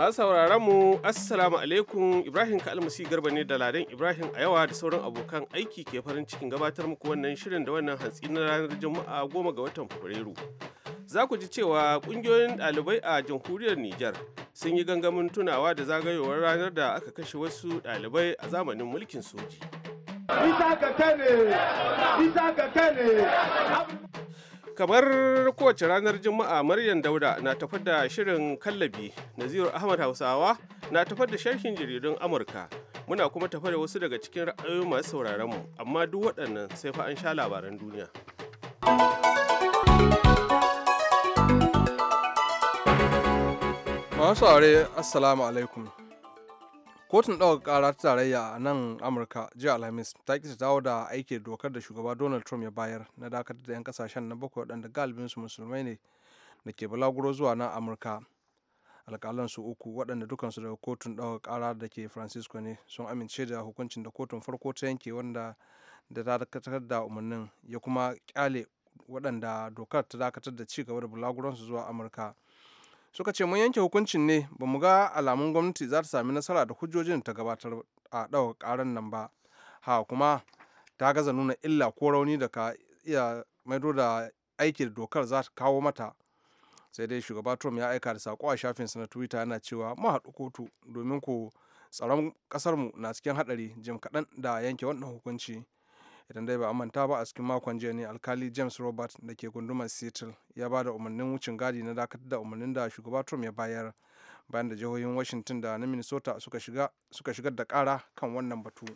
Masu sauraron mu Assalamu alaikum Ibrahim Kalmasi Garba ne da Ladan Ibrahim a yawa da sauran abokan aiki ke farin cikin gabatar muku wannan shirin da wannan hantsi na ranar Juma'a goma ga watan Fabrairu. Za ku ji cewa kungiyoyin ɗalibai a jamhuriyar Nijar sun yi gangamin tunawa da zagayowar ranar da aka kashe wasu ɗalibai a zamanin mulkin soji. Isa kane, kamar kowace ranar juma'a maryam dauda na tafi da shirin kallabi naziru ahmad hausawa na tafar da sharhin jaridun amurka muna kuma tafi da wasu daga cikin ra'ayoyi masu sauraron mu amma duk waɗannan sai fa an sha labaran duniya masu aure assalamu alaikum kotun ɗaukar ƙara ta tarayya a nan amurka jiya alhamis ta ƙi ta dawo da aiki dokar da shugaba donald trump ya bayar na dakatar da 'yan kasashen na bakwai waɗanda su musulmai ne da ke balaguro zuwa nan amurka alƙalan su uku waɗanda dukansu daga kotun ɗaukar ƙara da ke francisco ne sun amince da hukuncin da kotun farko ta yanke wanda da ta dakatar da umarnin ya kuma ƙyale waɗanda dokar ta dakatar da ci gaba da bulaguransu zuwa amurka suka ce mun yanke hukuncin ne ba mu ga alamun gwamnati za ta sami nasara da hujjojin ta gabatar a ɗaga ƙaran nan ba ha kuma ta gaza nuna illa ko rauni da ka iya maido da aiki da dokar za ta kawo mata sai dai shugaba trump ya aika da sako a shafinsa na twitter yana cewa mu haɗu kotu domin ku tsaron ƙasarmu na cikin haɗari jim kaɗan da yanke wannan hukunci idan dai ba a manta ba a cikin makon jiya ne alkali james robert da ke gundumar seattle ya ba da umarnin wucin gadi na dakatar da umarnin da shugaba trump ya bayar bayan da jihohin washington da na minnesota suka shiga shigar da kara kan wannan batu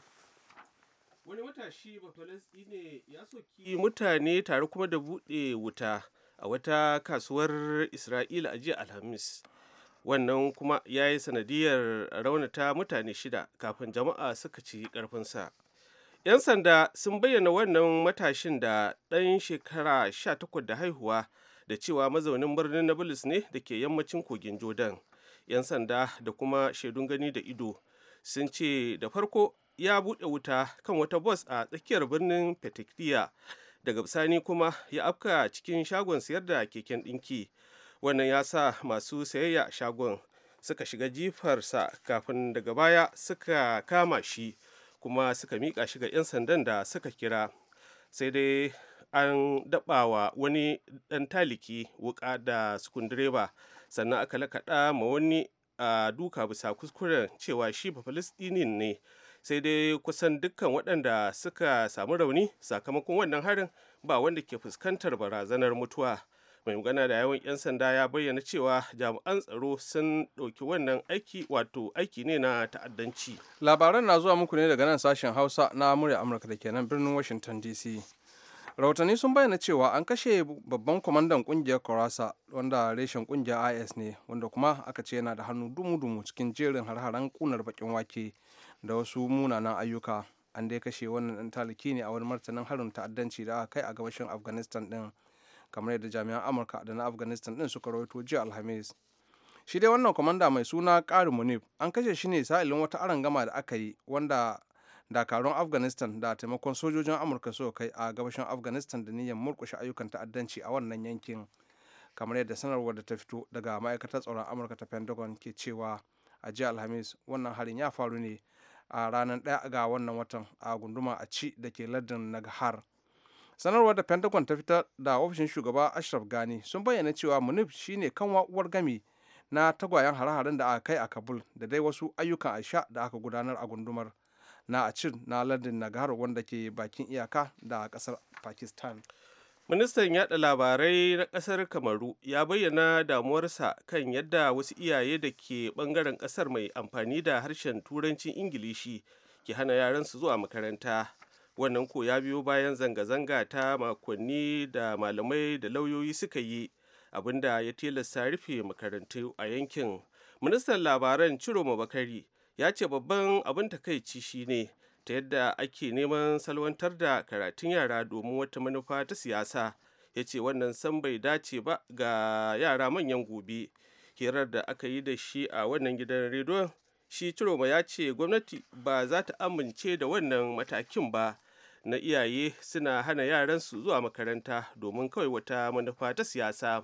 wani matashi ne ya soki mutane tare kuma da bude wuta a wata kasuwar isra'ila a jiya alhamis wannan kuma ya yi sanadiyar raunata mutane shida kafin jama'a suka ci karfinsa 'Yan sanda sun bayyana wannan matashin da ɗan shekara sha 18 da haihuwa da cewa mazaunin birnin Nablus ne da ke yammacin kogin Jordan. 'Yan sanda da kuma shaidun gani da ido sun ce da farko ya buɗe wuta kan wata bus a tsakiyar birnin Petikliya daga bisani kuma ya afka cikin shagon sayar da keken ɗinki. Wannan ya sa masu sayayya shagon suka shiga jifarsa kafin daga baya suka kama shi. kuma suka mika shi ga 'yan sandan da suka kira sai dai an wa wani ɗan taliki wuƙa da sukundireba sannan aka lakaɗa ma wani a duka bisa kuskuren cewa shi ba falistinin ne sai dai kusan dukkan waɗanda suka samu rauni sakamakon wannan harin ba wanda ke fuskantar barazanar mutuwa mai magana da yawan 'yan sanda ya bayyana cewa jami'an tsaro sun ɗauki wannan aiki wato aiki ne na ta'addanci labaran na zuwa muku ne daga nan sashen hausa na murya amurka da kenan birnin washington dc rahotanni sun bayyana cewa an kashe babban kwamandan kungiyar kurasa wanda reshen kungiyar is ne wanda kuma aka ce yana da hannu dumu-dumu cikin jerin har-haren kunar bakin wake da wasu munanan ayyuka an dai kashe wannan ɗan taliki ne a wani martanin harin ta'addanci da aka kai a gabashin afghanistan din kamar yadda jami'an amurka da na afghanistan din suka rawaito jiya alhamis shi dai wannan kwamanda mai suna ƙari munif an kashe shi ne sa'ilin wata arangama da aka yi wanda dakarun afghanistan da taimakon sojojin amurka suka kai a gabashin afghanistan da niyyar murkushe ayyukan ta'addanci a wannan yankin kamar yadda sanarwar da ta fito daga ma'aikatar tsaron amurka ta pentagon ke cewa a jiya alhamis wannan harin ya faru ne a ranar 1 ga wannan watan a gunduma a ci da ke lardin nagahar sanarwar da pentagon ta fitar da ofishin shugaba ashraf gani sun bayyana cewa munif shine kan uwar gami na tagwayen hare-haren da aka kai a kabul da dai wasu ayyukan aisha da aka gudanar a gundumar na a cin na lardin nagahar wanda ke bakin iyaka da kasar pakistan ministan yada labarai na kasar kamaru ya bayyana damuwarsa kan yadda wasu iyaye da ke bangaren kasar mai amfani da harshen turancin ingilishi ke hana yaransu zuwa makaranta wannan ko ya biyo bayan zanga-zanga ta makonni da malamai da lauyoyi suka yi abinda ya tilasta rufe makarantu a yankin ministan labaran ciro bakari ya ce babban abin takaici shine ta yadda ake neman salwantar da karatun yara domin wata manufa ta siyasa ya ce wannan san bai dace ba ga yara manyan gobe hirar da aka yi da shi a wannan gidan rediyon shi ciroma ya ce gwamnati ba za ta amince da wannan matakin ba na iyaye suna hana yaransu zuwa makaranta domin kawai wata manufa ta siyasa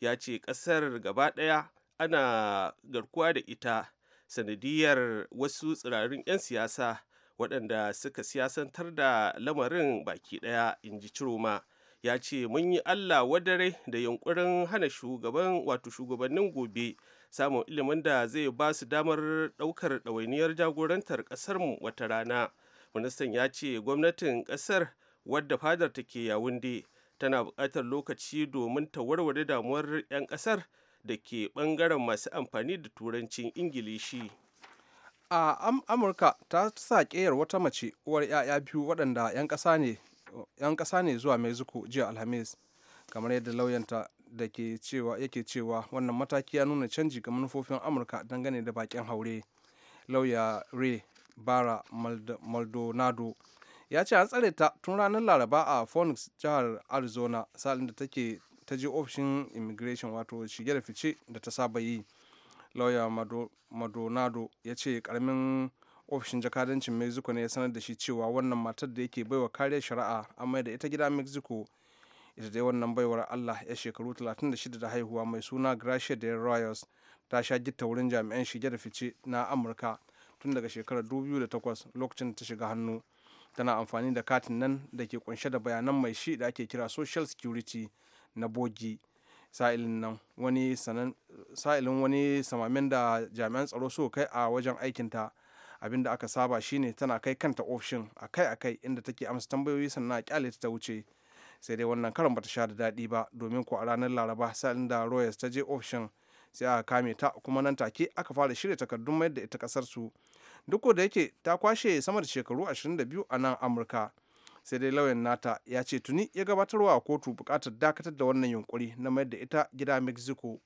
ya ce ƙasar gaba ɗaya ana garkuwa da ita sanadiyar wasu tsirarin 'yan siyasa waɗanda suka siyasantar da lamarin baki ɗaya in ji ciroma ya ce mun yi allah wadare da yunkurin hana shugaban wato shugabannin gobe samun ilimin da zai ba su damar ɗaukar ɗawainiyar jagorantar ƙasarmu wata rana ministan ya ce gwamnatin kasar wadda fadar ta ke yawunde tana bukatar lokaci domin ta warware damuwar 'yan ƙasar da ke ɓangaren masu amfani da turancin ingilishi a amurka ta sa ƙeyar wata mace uwar 'ya'ya biyu waɗanda 'yan ƙasa ne zuwa mexico jiya alhamis kamar yadda lauyanta da ke cewa yake cewa wannan mataki ya nuna canji ga manufofin amurka dangane da bakin haure lauya ray bara maldonado ya ce an tsare ta tun ranar laraba a phoenix jihar arizona salin da take ta je ofishin immigration wato shige da fice da ta saba yi lauya madonado ya ce karamin ofishin jakadancin mexico ne ya sanar da shi cewa wannan matar da yake baiwa kariyar shari'a amma da ita gida mexico ita dai wannan baiwar allah ya shekaru 36 da haihuwa mai suna gracia de royals ta sha gitta wurin jami'an shige da fice na amurka tun daga shekarar 2008 lokacin ta shiga hannu tana amfani da katin nan da ke kunshe da bayanan mai shi da ake kira social security na bogi sa'ilin nan wani sa'ilin wani samamin da jami'an tsaro so kai a wajen aikinta abinda aka saba shine tana kai kanta ofishin akai-akai inda take amsa tambayoyi sannan a kyale ta wuce sai dai wannan karan bata sha da daɗi ba domin ko a ranar laraba sa'ilin da royals ta je ofishin sai aka kame ta kuma nan take aka fara shirya takardun mayar da ita kasar su duk da yake ta kwashe sama da shekaru 22 a nan amurka sai dai lauyan nata ya ce tuni ya gabatarwa a kotu bukatar dakatar da wannan yunkuri na mayar da ita gida mexico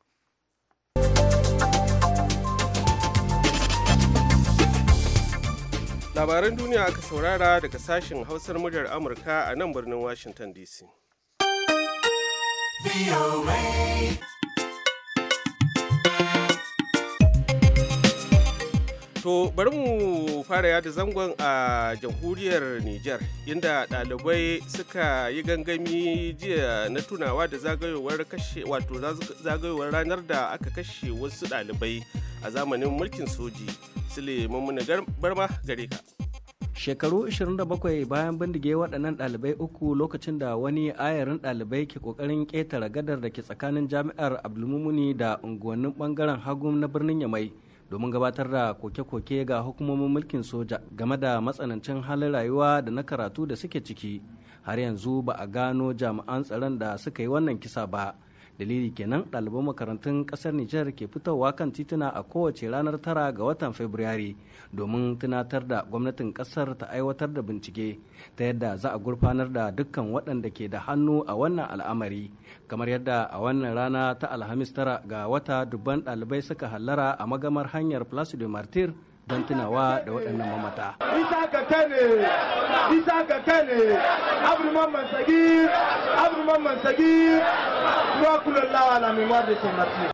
labaran duniya aka saurara daga sashen hausar muryar amurka a nan birnin washington dc To bari mu fara yada zangon a jamhuriyar niger inda dalibai suka yi gangami jiya na tunawa da zagayowar kashe wato zagayowar ranar da aka kashe wasu dalibai a zamanin mulkin soji. Sule Barma gare ka. shekaru 27 bayan bindige waɗannan ɗalibai uku lokacin da wani ayarin ɗalibai ke ƙoƙarin ƙetare gadar da ke tsakanin jami'ar abdulmumuni da unguwannin ɓangaren hagu na birnin yamai domin gabatar da koke-koke ga hukumomin mulkin soja game da matsanancin halin rayuwa da na karatu da suke ciki har yanzu ba a gano jami'an tsaron da suka yi wannan kisa ba dalili kenan ɗaliban makarantun ƙasar nijar ke fitowa kan tituna a kowace ranar tara ga watan fabrairu domin tunatar da gwamnatin ƙasar ta aiwatar da bincike ta yadda za a gurfanar da dukkan waɗanda ke da hannu a wannan al'amari kamar yadda a wannan rana ta alhamis tara ga wata dubban ɗalibai suka hallara a magamar hanyar placido martir don tunawa da waɗannan mamata. Isa ka kane, isa ka kane, abu mamman sagi, abu mamman da sagir,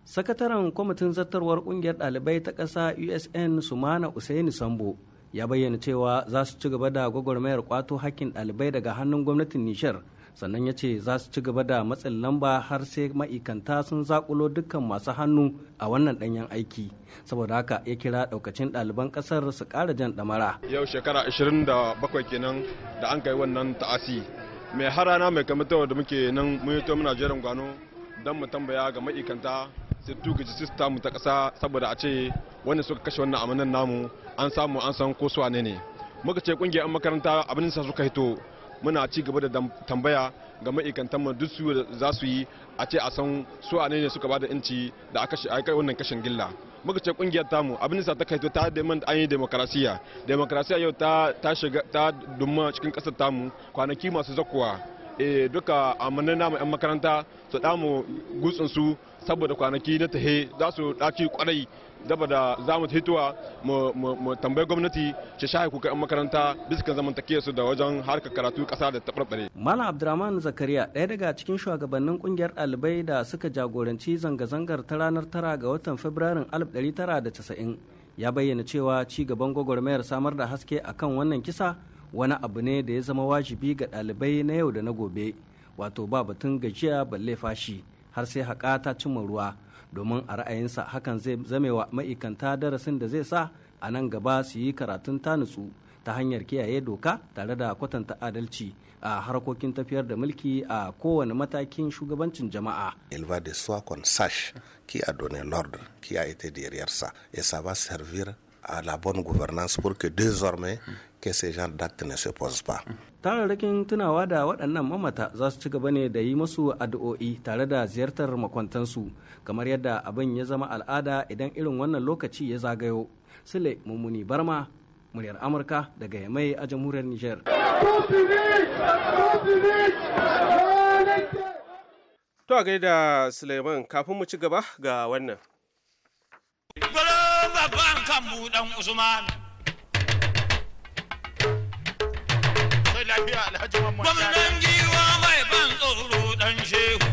Sakataren kwamitin zartarwar ƙungiyar ɗalibai ta ƙasa USN Sumana Usaini Sambo ya bayyana cewa za su ci gaba da gwagwarmayar ƙwato hakkin ɗalibai daga hannun gwamnatin Nishar sannan ya ce za su ci gaba da matsin lamba har sai maikanta sun zakulo dukkan masu hannu a wannan danyen aiki saboda haka ya kira daukacin ɗaliban kasar su ƙara jan ɗamara yau shekara 27 kenan da an kai wannan ta'asi mai harana mai kamatawa da muke nan mun yi muna jerin gwano don mu tambaya ga ma'aikanta su tuka sista mu ta ƙasa saboda a ce wanda suka kashe wannan amanan namu an samu an san ko su ne ne muka ce kungiyar makaranta abin sa suka hito muna ci gaba da tambaya ga ma'aikantanmu duk su za su yi a ce a san su a ne suka ba da inci da aka wannan kashin gilla muka ce kungiyar tamu abin da ta kaito ta da an yi demokarasiya demokarasiya yau ta ta shiga ta dumma cikin kasar tamu kwanaki masu zakuwa e eh, duka amanin namu yan makaranta su damu gutsun su saboda kwanaki na tahe za su daci kwarai daba da za mu hituwa mu tambayi gwamnati ta shahi kuka yan makaranta bisa zamantakewa su da wajen harka karatu kasa da taɓarɓare. Malam Abdurrahman Zakariya ɗaya daga cikin shugabannin ƙungiyar ɗalibai da suka jagoranci zanga-zangar ta ranar tara ga watan Fabrairun 1990 ya bayyana cewa ci gaban gwagwarmayar samar da haske akan wannan kisa wani abu ne da ya zama wajibi ga ɗalibai na yau da na gobe wato ba batun gajiya balle fashi har sai haƙa ta cimma ruwa domin a ra'ayinsa hakan zai zame wa ma'ikanta darasin da zai sa a nan gaba su yi karatun nutsu ta hanyar kiyaye doka tare da kwatanta adalci a harkokin tafiyar da mulki a kowane matakin shugabancin jama'a. ilva de soi qu'on sache qui a donné l'ordre, qui a été derrière ça et ça va servir à la bonne gouvernance pour que désormais que ces gens d'actes ne se posent pas. tararrakin tunawa da waɗannan mamata za su ci gaba ne da yi masu addu'o'i tare da ziyartar makwantansu kamar yadda abin ya zama al'ada idan irin wannan lokaci ya zagayo sule mummuni barma muryar amurka daga yamai a jamhuriyar niger to a gaida suleiman kafin mu ci gaba ga wannan babban kan Usman. lafiya alhaji mamman gwamnan giwa mai ban tsoro dan shehu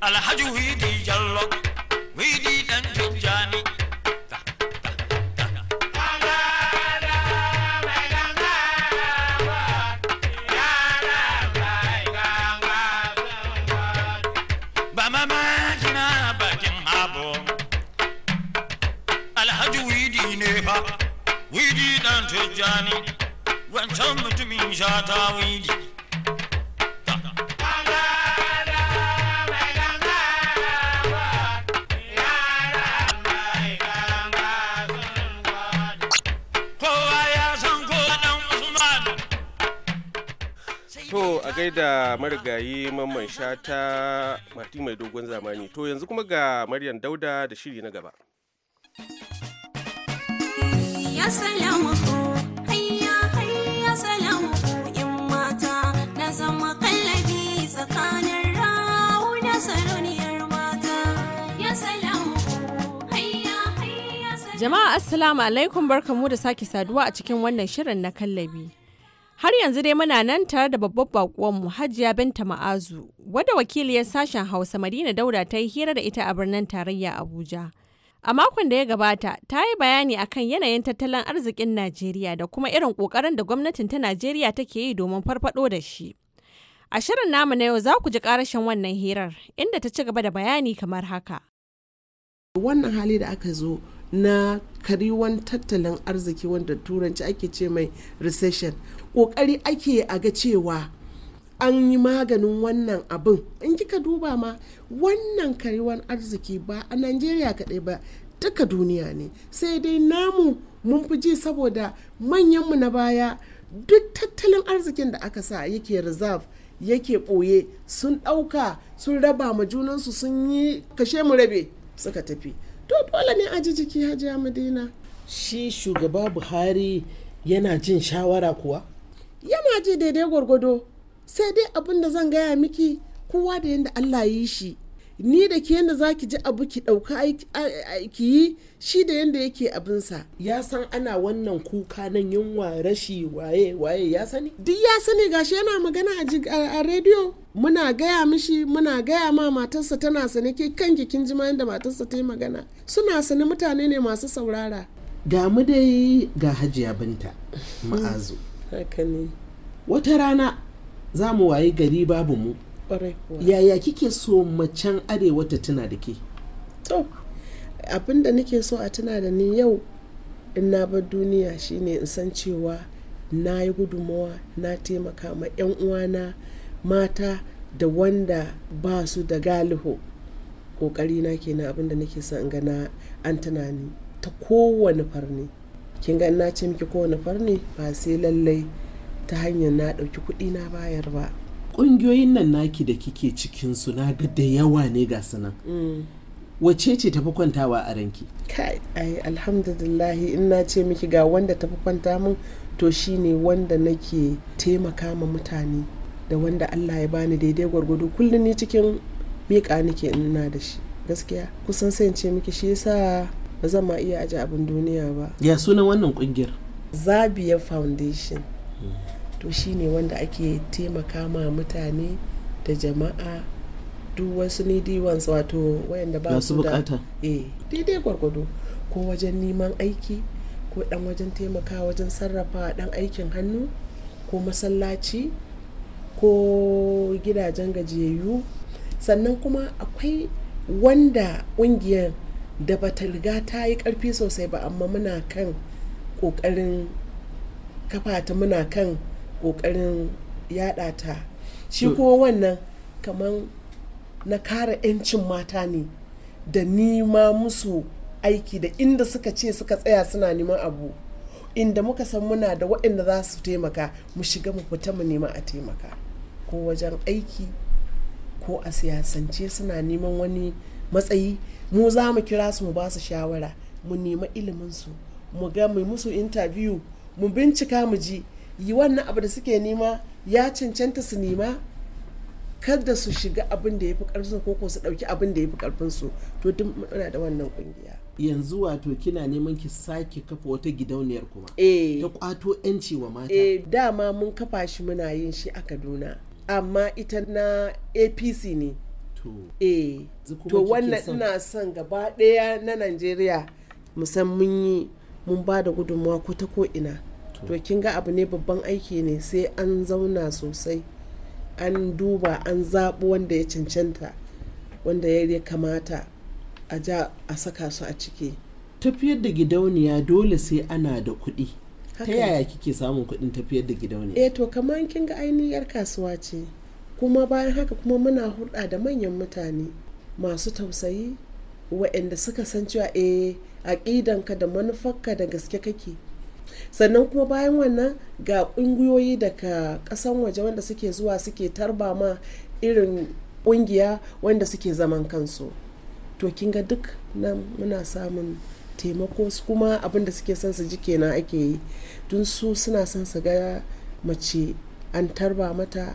Alhaji Aisha ta mati mai dogon zamani to yanzu kuma ga maryam dauda da shiri na gaba ya mata na zama kallabi tsakanin rawu mata ya salamu Jama'a Assalamu alaikum barkamu da sake saduwa a cikin wannan shirin na kallabi. Har yanzu dai muna nan tare da babban mu Hajiya Binta Ma'azu, wadda wakiliyar sashen Hausa Madina Dauda ta yi hira da ita a birnin tarayya Abuja. A makon da ya gabata, ta yi bayani a kan yanayin tattalin arzikin Najeriya da kuma irin ƙoƙarin da gwamnatin ta Najeriya take yi domin farfaɗo da shi. A shirin namu na yau za ku ji ƙarashin wannan hirar, inda ta ci gaba da bayani kamar haka. Wannan hali da aka zo na kariwan tattalin arziki wanda turanci ake ce mai recession ƙoƙari ake a ga cewa an yi maganin wannan abin in kika duba ma wannan karewan arziki ba a najeriya kaɗai ba duka duniya ne sai dai namu mun fi ji saboda manyanmu na baya duk tattalin arzikin da aka sa yake reserve yake ɓoye sun ɗauka sun raba ma junansu sun yi kashe mu rabe suka tafi to dole ne aji ji jiki hajiya madina shi shugaba buhari yana jin shawara kuwa yana ji daidai gwargwado sai dai abin da zan gaya miki kowa da yadda Allah yi shi ni da ke yadda za ki ji abu ki ɗauka ki yi shi da yadda yake abinsa ya san ana wannan kuka nan yunwa rashi waye waye ya sani duk ya sani gashi yana magana a rediyo muna gaya mishi muna gaya ma matarsa tana sane ke kan kin ji ma yadda matarsa ta yi magana suna sane mutane ne masu saurara ga mu dai ga hajiya binta ma'azu wata rana za mu waye gari babu mu yaya kike so macen arewa ta tuna da ke to abin nake so a tuna da ni yau in na bar duniya shine in san cewa na yi gudunmawa na taimaka ma 'yan uwana mata da wanda ba su da galiho kokari na kenan abin da nake in gana an tunani ta kowane farni kin ga na ce miki kowane farni ba sai lallai ta hanyar na ɗauki kuɗi na bayar ba ƙungiyoyin nan naki da kike cikin su na da yawa ne ga sanan mm. wace ce tafi kwantawa a ranki kai ai alhamdulillahi in na ce miki ga wanda tafi kwanta min to shine wanda nake taimaka ma mutane da wanda Allah ya bani daidai gwargwado kullum ni cikin miƙa nake ina da shi gaskiya kusan sai ce miki shi yasa ba zan ma iya aje abin duniya ba ya sunan wannan kungiyar zabiya foundation hmm. to shine wanda ake taimaka ma mutane da jama'a duk wasu needy ones wato wayanda ba su da eh daidai gwargwado ko wajen neman aiki ko dan wajen taimaka wajen sarrafa dan aikin hannu ko masallaci ko gidajen gajiyayyu sannan kuma akwai wanda ƙungiyar da bata riga ta yi karfi sosai ba amma muna kan kokarin kafa ta muna kan kokarin yada ta shi ko wannan kamar na kare 'yancin mata ne da nima musu aiki da inda suka ce suka tsaya suna neman abu inda muka san muna da waɗanda za su taimaka mu shiga mu fita mu nema a taimaka ko wajen aiki ko a siyasance suna neman wani matsayi mu za mu kira su mu ba su shawara mu nema ilimin su mu ga mu musu interview mu bincika mu ji yi wannan abu da suke nema ya cancanta su nema kada su shiga abin da ya fi karfin ko su dauki abin da ya fi karfin su to duk muna da wannan kungiya yanzu wato kina neman ki sake kafa wata gidauniyar kuma e, ta kwato yanci wa mata eh dama mun kafa shi muna yin shi a Kaduna amma ita na APC ne eh to wannan ina son gaba ɗaya na najeriya musamman mun yi mun ba da gudunmuwa ko ta ko ina to kin ga abu ne babban aiki ne sai an zauna sosai an duba an zaɓi wanda ya cancanta wanda ya kamata a ja a saka su a ciki tafiyar da gidauniya dole sai ana da kuɗi ta yaya kike samun kuɗin tafiyar da gidauniya eh to kamar kin ga ainihin kasuwa ce kuma bayan haka kuma muna hulɗa da manyan mutane masu tausayi waɗanda suka san cewa aƙidan eh, aƙidanka da manufarka da gaske kake sannan kuma bayan wannan ga ƙungiyoyi daga ƙasan waje wanda suke zuwa suke tarba ma irin ƙungiya wanda suke zaman kansu to kin ga duk nan muna samun taimako su kuma abin da suke son su ji kenan ake yi tun su suna son su ga mace an tarba mata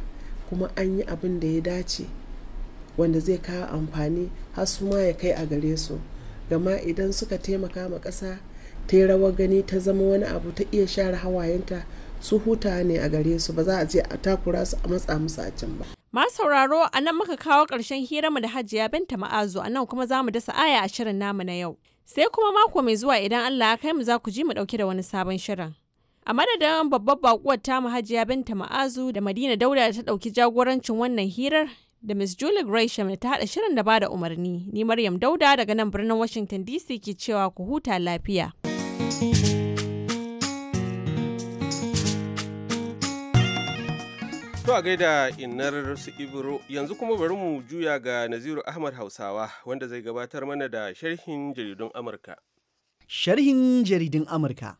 kuma an yi abin da ya dace wanda zai kawo amfani har su ma ya kai a gare su gama idan suka taimaka ma ƙasa ta yi rawar gani ta zama wani abu ta iya share hawayenta su huta ne a gare su ba za a je a takura su a matsa musu a can ba. Ma sauraro a nan muka kawo ƙarshen mu da hajiya binta ma'azu a nan kuma za mu dasa aya a shirin namu na yau. Sai kuma mako mai zuwa idan Allah ya kai mu za ku ji mu ɗauke da wani sabon shirin. A madadin babbar bakuwar ta Hajiya Binta Ma'azu da Madina Dauda ta ɗauki jagorancin wannan hirar da Miss Julie Gresham da ta haɗa shirin da bada umarni. Ni Maryam Dauda daga nan birnin Washington DC ke cewa ku huta lafiya. To a gaida inar su Ibro yanzu kuma bari mu juya ga Naziru Ahmad Hausawa wanda zai gabatar mana da sharhin jaridun Amurka. Sharhin jaridun Amurka.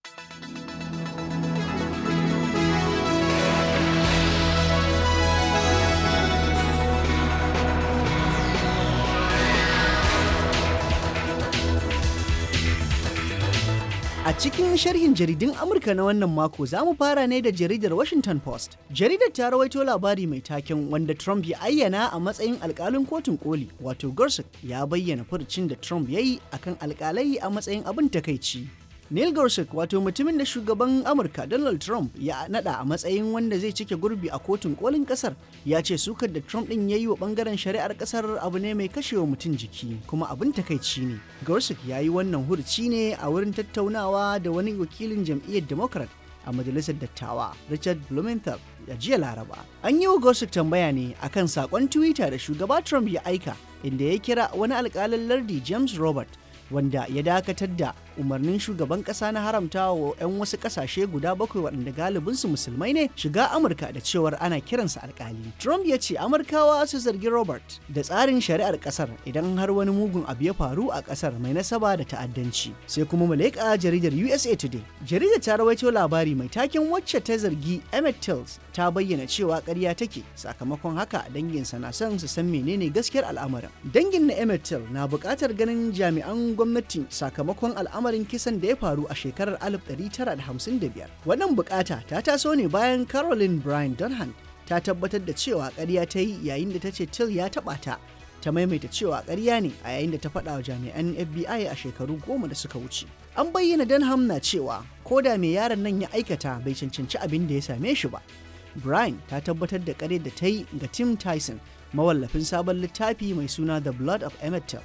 A cikin sharhin jaridun Amurka na wannan mako za mu fara ne da jaridar Washington Post. Jaridar ta rawaito labari mai taken wanda Trump ya ayyana a matsayin alkalin kotun koli wato Gorsuch ya bayyana furucin da Trump ya yi akan alkalai a matsayin abin takaici. Neil Gorsuch wato mutumin da shugaban Amurka Donald Trump ya nada a matsayin wanda zai cike gurbi a kotun kolin kasar ya ce sukar da Trump din ya yi wa bangaren shari'ar kasar abu ne mai kashewa mutum jiki kuma abin takaici ne. Gorsuch ya yi wannan hurci ne a wurin tattaunawa da wani wakilin jam'iyyar Democrat a majalisar dattawa Richard Blumenthal a jiya Laraba. An yi wa Gorsuch tambaya ne akan sakon Twitter da shugaba Trump ya aika inda ya kira wani alkalin lardi James Robert wanda ya dakatar da umarnin shugaban kasa na haramta wa 'yan wasu kasashe guda bakwai waɗanda galibin su musulmai ne shiga amurka da cewar ana kiransa alkali trump ya ce amurkawa su zargi robert da tsarin shari'ar kasar idan har wani mugun abu ya faru a kasar mai nasaba da ta'addanci sai kuma malaika jaridar usa today jaridar ta rawaito labari mai taken wacce ta zargi emmett tills ta bayyana cewa karya take sakamakon haka danginsa na son su san menene gaskiyar al'amarin dangin na emmett till na buƙatar ganin jami'an gwamnati sakamakon al'amarin al'amarin kisan da ya faru a shekarar 1955 wannan bukata ta taso ne bayan caroline brian dunham ta tabbatar da cewa karya ta yi yayin da ta ce till ya taɓa ta ta maimaita cewa karya ne a yayin da ta faɗa wa jami'an FBI a shekaru goma da suka wuce. An bayyana Dunham na cewa ko da mai yaron nan ya aikata bai cancanci abin da ya same shi ba. Brian ta tabbatar da kare da ta yi ga Tim Tyson mawallafin sabon littafi mai suna The Blood of Emmett Till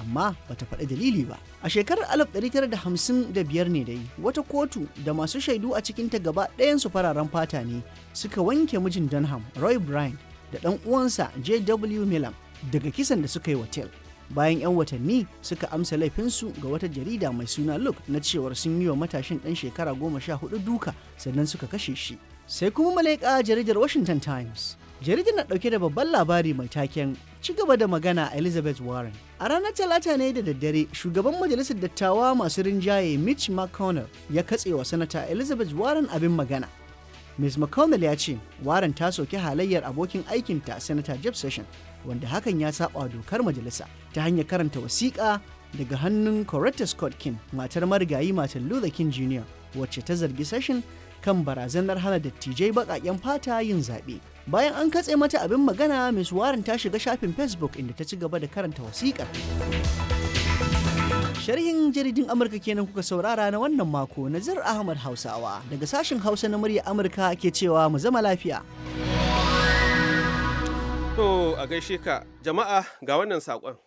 amma bata faɗi dalili ba a shekarar 1955 ne dai wata kotu da masu shaidu a cikin ta gaba ɗayansu fararen fata ne suka wanke mijin dunham roy bryant da ɗan uwansa jw milam daga kisan da suka yi wa tel bayan 'yan watanni suka amsa laifinsu ga wata jarida mai suna look na cewar sun yi wa matashin ɗan shekara goma sha hudu duka sannan suka kashe shi sai kuma malaika jaridar washington times jaridar na ɗauke da babban labari mai taken ci gaba da magana Elizabeth Warren. A ranar Talata ne da daddare, shugaban majalisar dattawa masu rinjaye Mitch McConnell ya katse wa sanata Elizabeth Warren abin magana. Ms. McConnell ya ce, Warren ta soki halayyar abokin aikinta Sanata Jeff Session, wanda hakan ya saba dokar majalisa ta hanyar karanta wasiƙa daga hannun Coretta Scott King, matar marigayi matar Luther King Jr., wacce ta zargi Session kan barazanar hana dattijai baƙaƙen fata yin zaɓe. bayan an katse mata abin magana miss warren ta shiga shafin facebook inda ta ci gaba da karanta wasiƙar sharhin jaridin amurka kenan kuka saurara na wannan mako zir ahmad hausawa daga sashen hausa na murya amurka ke cewa mu zama lafiya to a gaishe ka jama'a ga wannan saƙon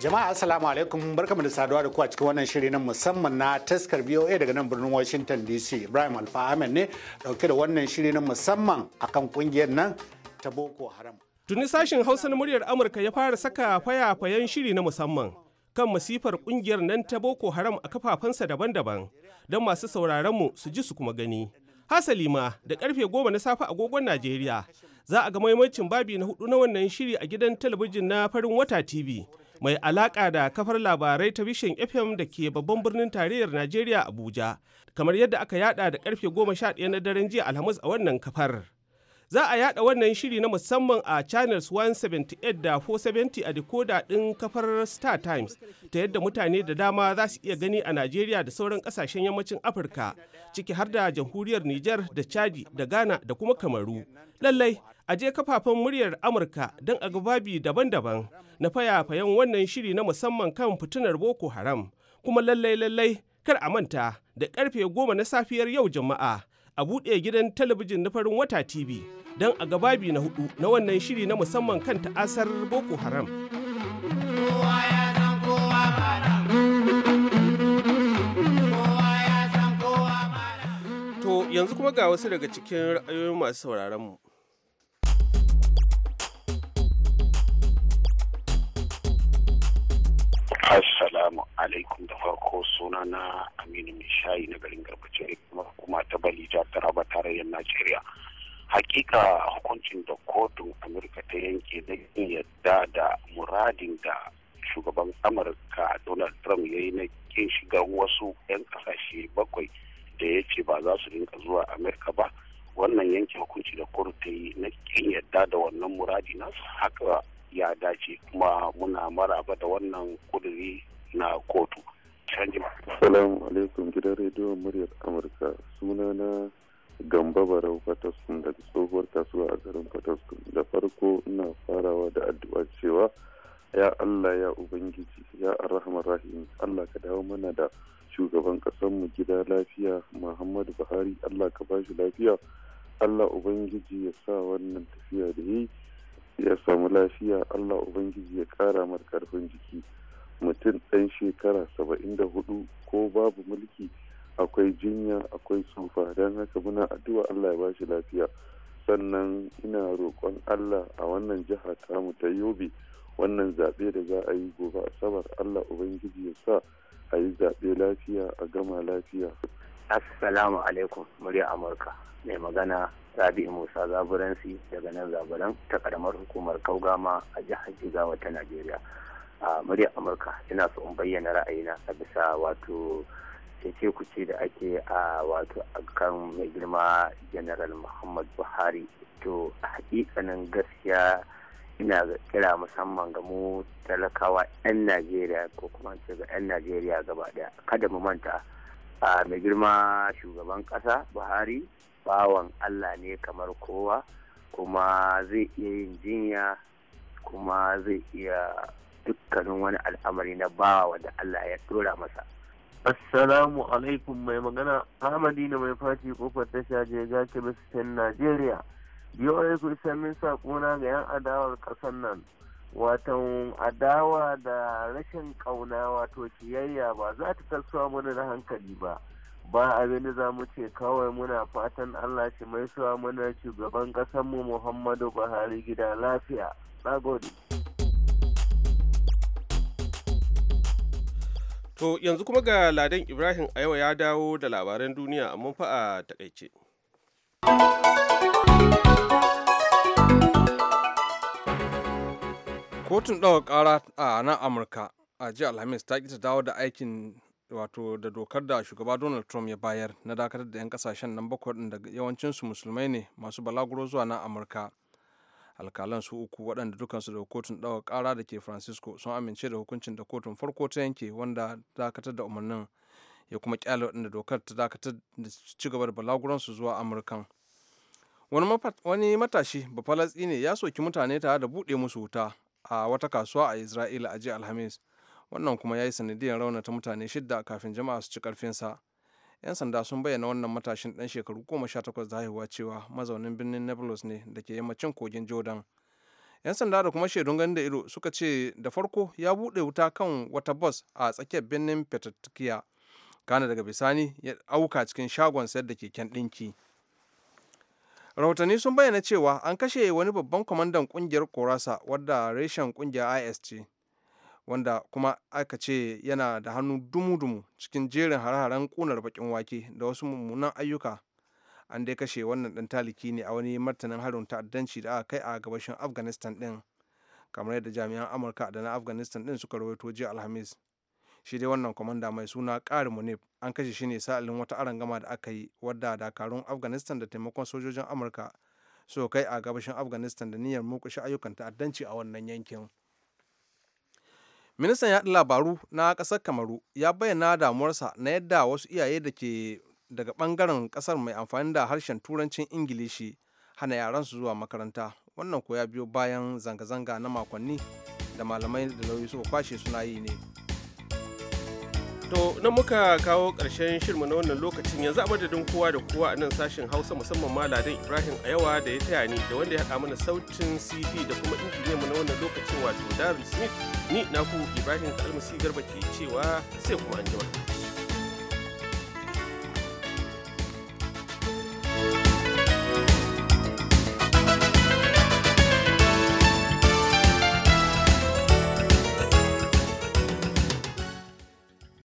Jama'a assalamu alaikum barkamu da saduwa da ku a cikin wannan shiri na musamman na taskar BOA daga nan birnin Washington DC. Ibrahim Alfa Ahmed ne dauke da wannan shiri na musamman akan kungiyar nan ta Boko Haram. Tuni sashin Hausa na muryar Amurka ya fara saka fayafayen shiri na musamman kan masifar kungiyar nan ta Boko Haram a kafafensa daban-daban don masu sauraron mu su ji su kuma gani. Hasali ma da karfe goma na safe agogon Najeriya za a ga maimacin babi na hudu na wannan shiri a gidan talabijin na farin wata TV. mai alaƙa da kafar labarai ta Vision FM da ke babban birnin tarayyar Najeriya Abuja, kamar yadda aka yada da karfe 11 na daren jiya Alhamis a wannan kafar. Za a yada wannan shiri na musamman a channels 178 da 470 a decoder ɗin kafar Star Times ta yadda mutane da dama za su iya gani a Najeriya da sauran ƙasashen yammacin Afirka ciki har da jamhuriyar Nijar da Chadi da Ghana da kuma Kamaru. Lallai a je kafafen muryar Amurka don a babi daban-daban na fayafayen wannan shiri na musamman kan fitinar Boko Haram. Kuma lallai lallai kar a manta da karfe goma na safiyar yau Juma'a. a buɗe gidan talabijin na farin wata TV don a gababi na hudu na wannan shiri na musamman kan ta'asar Boko Haram. To yanzu kuma ga wasu daga cikin ra'ayoyin masu sauraron mu. Assalamu alaikum da farko suna na Aminu Mai shayi na garin Garbace kuma ta Bali ta Taraba tarayyar Najeriya. Hakika hukuncin da kotun Amurka ta yanke da yadda da muradin da shugaban Amurka Donald Trump ya yi na kin shiga wasu 'yan kasashe bakwai da ya ce ba za su rinka zuwa Amurka ba. Wannan yanke hukunci da kotu ta yi na kin yadda da wannan muradi nasu haka ya dace kuma muna maraba da wannan kuduri na kotu. Salamu alaikum gidan rediyon muryar Amurka suna na gamba barau fataskun daga tsohuwar kasuwa a garin fataskun da farko ina farawa da addu'a cewa ya allah ya ubangiji ya arhamar rahim allah ka dawo mana da shugaban mu gida lafiya muhammadu buhari allah ka bashi lafiya allah ubangiji ya sa wannan tafiya da yi ya samu lafiya allah ubangiji ya kara mar karfin jiki mutum ɗan shekara saba'in da hudu ko babu mulki akwai jinya akwai tsufa don haka muna addu'a allah ya ba shi lafiya sannan ina roƙon allah a wannan jiha tamu ta yobe wannan zaɓe da za a yi gobe asabar allah ubangiji ya sa a yi zaɓe lafiya a gama lafiya assalamu alaikum murya amurka mai magana rabi musa zaburansi daga nan zaburan ta karamar hukumar kaugama a jihar jigawa ta najeriya a muryar amurka ina so in bayyana ra'ayina a bisa wato cece kuce da ake a wato kan mai girma general muhammad buhari to a hakikanin gaskiya ina kira musamman ga mu talakawa 'yan najeriya ko kuma ce ga 'yan najeriya gaba daya kada mu manta a mai girma shugaban ƙasa buhari bawan Allah ne kamar kowa kuma zai iya yin jinya kuma zai iya dukkanin wani al'amari na bawa da Allah ya dora masa. Assalamu alaikum mai magana Ahmadi na mai fati kofar tasha jega kebistan Najeriya. Biyo ku min saƙona ga 'yan adawar ƙasar nan. Watan adawa da rashin ƙauna wato ciyayya ba za ta tasowa mana da hankali ba. ba abin da za mu ce kawai muna fatan allah shi mai suwa muna shugaban mu muhammadu buhari gida lafiya nagode to yanzu kuma ga ladan ibrahim a ya dawo da labaran duniya amma fa a takaice kotun ɗaukar ƙara a nan amurka a jiya alhamis ta ƙi ta dawo da aikin wato da dokar da shugaba donald trump ya bayar na dakatar da 'yan kasashen nan bakwai ɗin da yawancinsu musulmai ne masu balaguro zuwa na amurka alkalan su uku waɗanda dukansu da kotun ɗaga ƙara da ke francisco sun amince da hukuncin da kotun farko ta yanke wanda dakatar da umarnin ya kuma kyale waɗanda dokar ta dakatar da ci gaba da balaguransu zuwa amurkan wani matashi bafalatsi ne ya soki mutane tare da buɗe musu wuta a wata kasuwa a isra'ila a jiya alhamis wannan kuma ya yi sanadiyar raunata mutane shidda kafin jama'a su ci karfinsa yan sanda sun bayyana wannan matashin dan shekaru goma sha takwas da haihuwa cewa mazaunin birnin nablus ne da ke yammacin kogin jordan yan sanda da kuma shaidun ganin da ido suka ce da farko ya buɗe wuta kan wata bus a tsakiyar birnin petatikiya kana daga bisani ya auka cikin shagon sayar da keken ɗinki rahotanni sun bayyana cewa an kashe wani babban kwamandan kungiyar korasa wadda reshen kungiyar is ce wanda kuma aka ce yana da hannu dumu-dumu cikin jerin hare-haren ƙunar bakin wake da wasu mummunan ayyuka an dai kashe wannan dan taliki ne a wani martanin harin ta'addanci da aka kai a gabashin afghanistan ɗin kamar yadda jami'an amurka da na afghanistan ɗin suka rawaito jiya alhamis shi dai wannan kwamanda mai suna ƙari munif an kashe shi ne sa'alin wata arangama da aka yi wadda dakarun afghanistan da taimakon sojojin amurka suka kai a gabashin afghanistan da niyyar murƙushe ayyukan ta'addanci a wannan yankin ministan yaɗa labaru na ƙasar kamaru ya bayyana damuwarsa na yadda wasu iyaye da ke daga ɓangaren ƙasar mai amfani da harshen turancin ingilishi hana yaransu zuwa makaranta wannan ko ya biyo bayan zanga-zanga na makonni da malamai da lauyi suka kwashe suna yi ne To nan muka kawo ƙarshen shirma na wannan lokacin yanzu a madadin kowa da kowa a nan sashen Hausa musamman ma Ibrahim a yawa da ya taya ni da wanda ya haɗa mana sautin CD da kuma injiniyan mu na wannan lokacin wato Darul Smith ni naku Ibrahim Kalmasi Garba ke cewa sai kuma an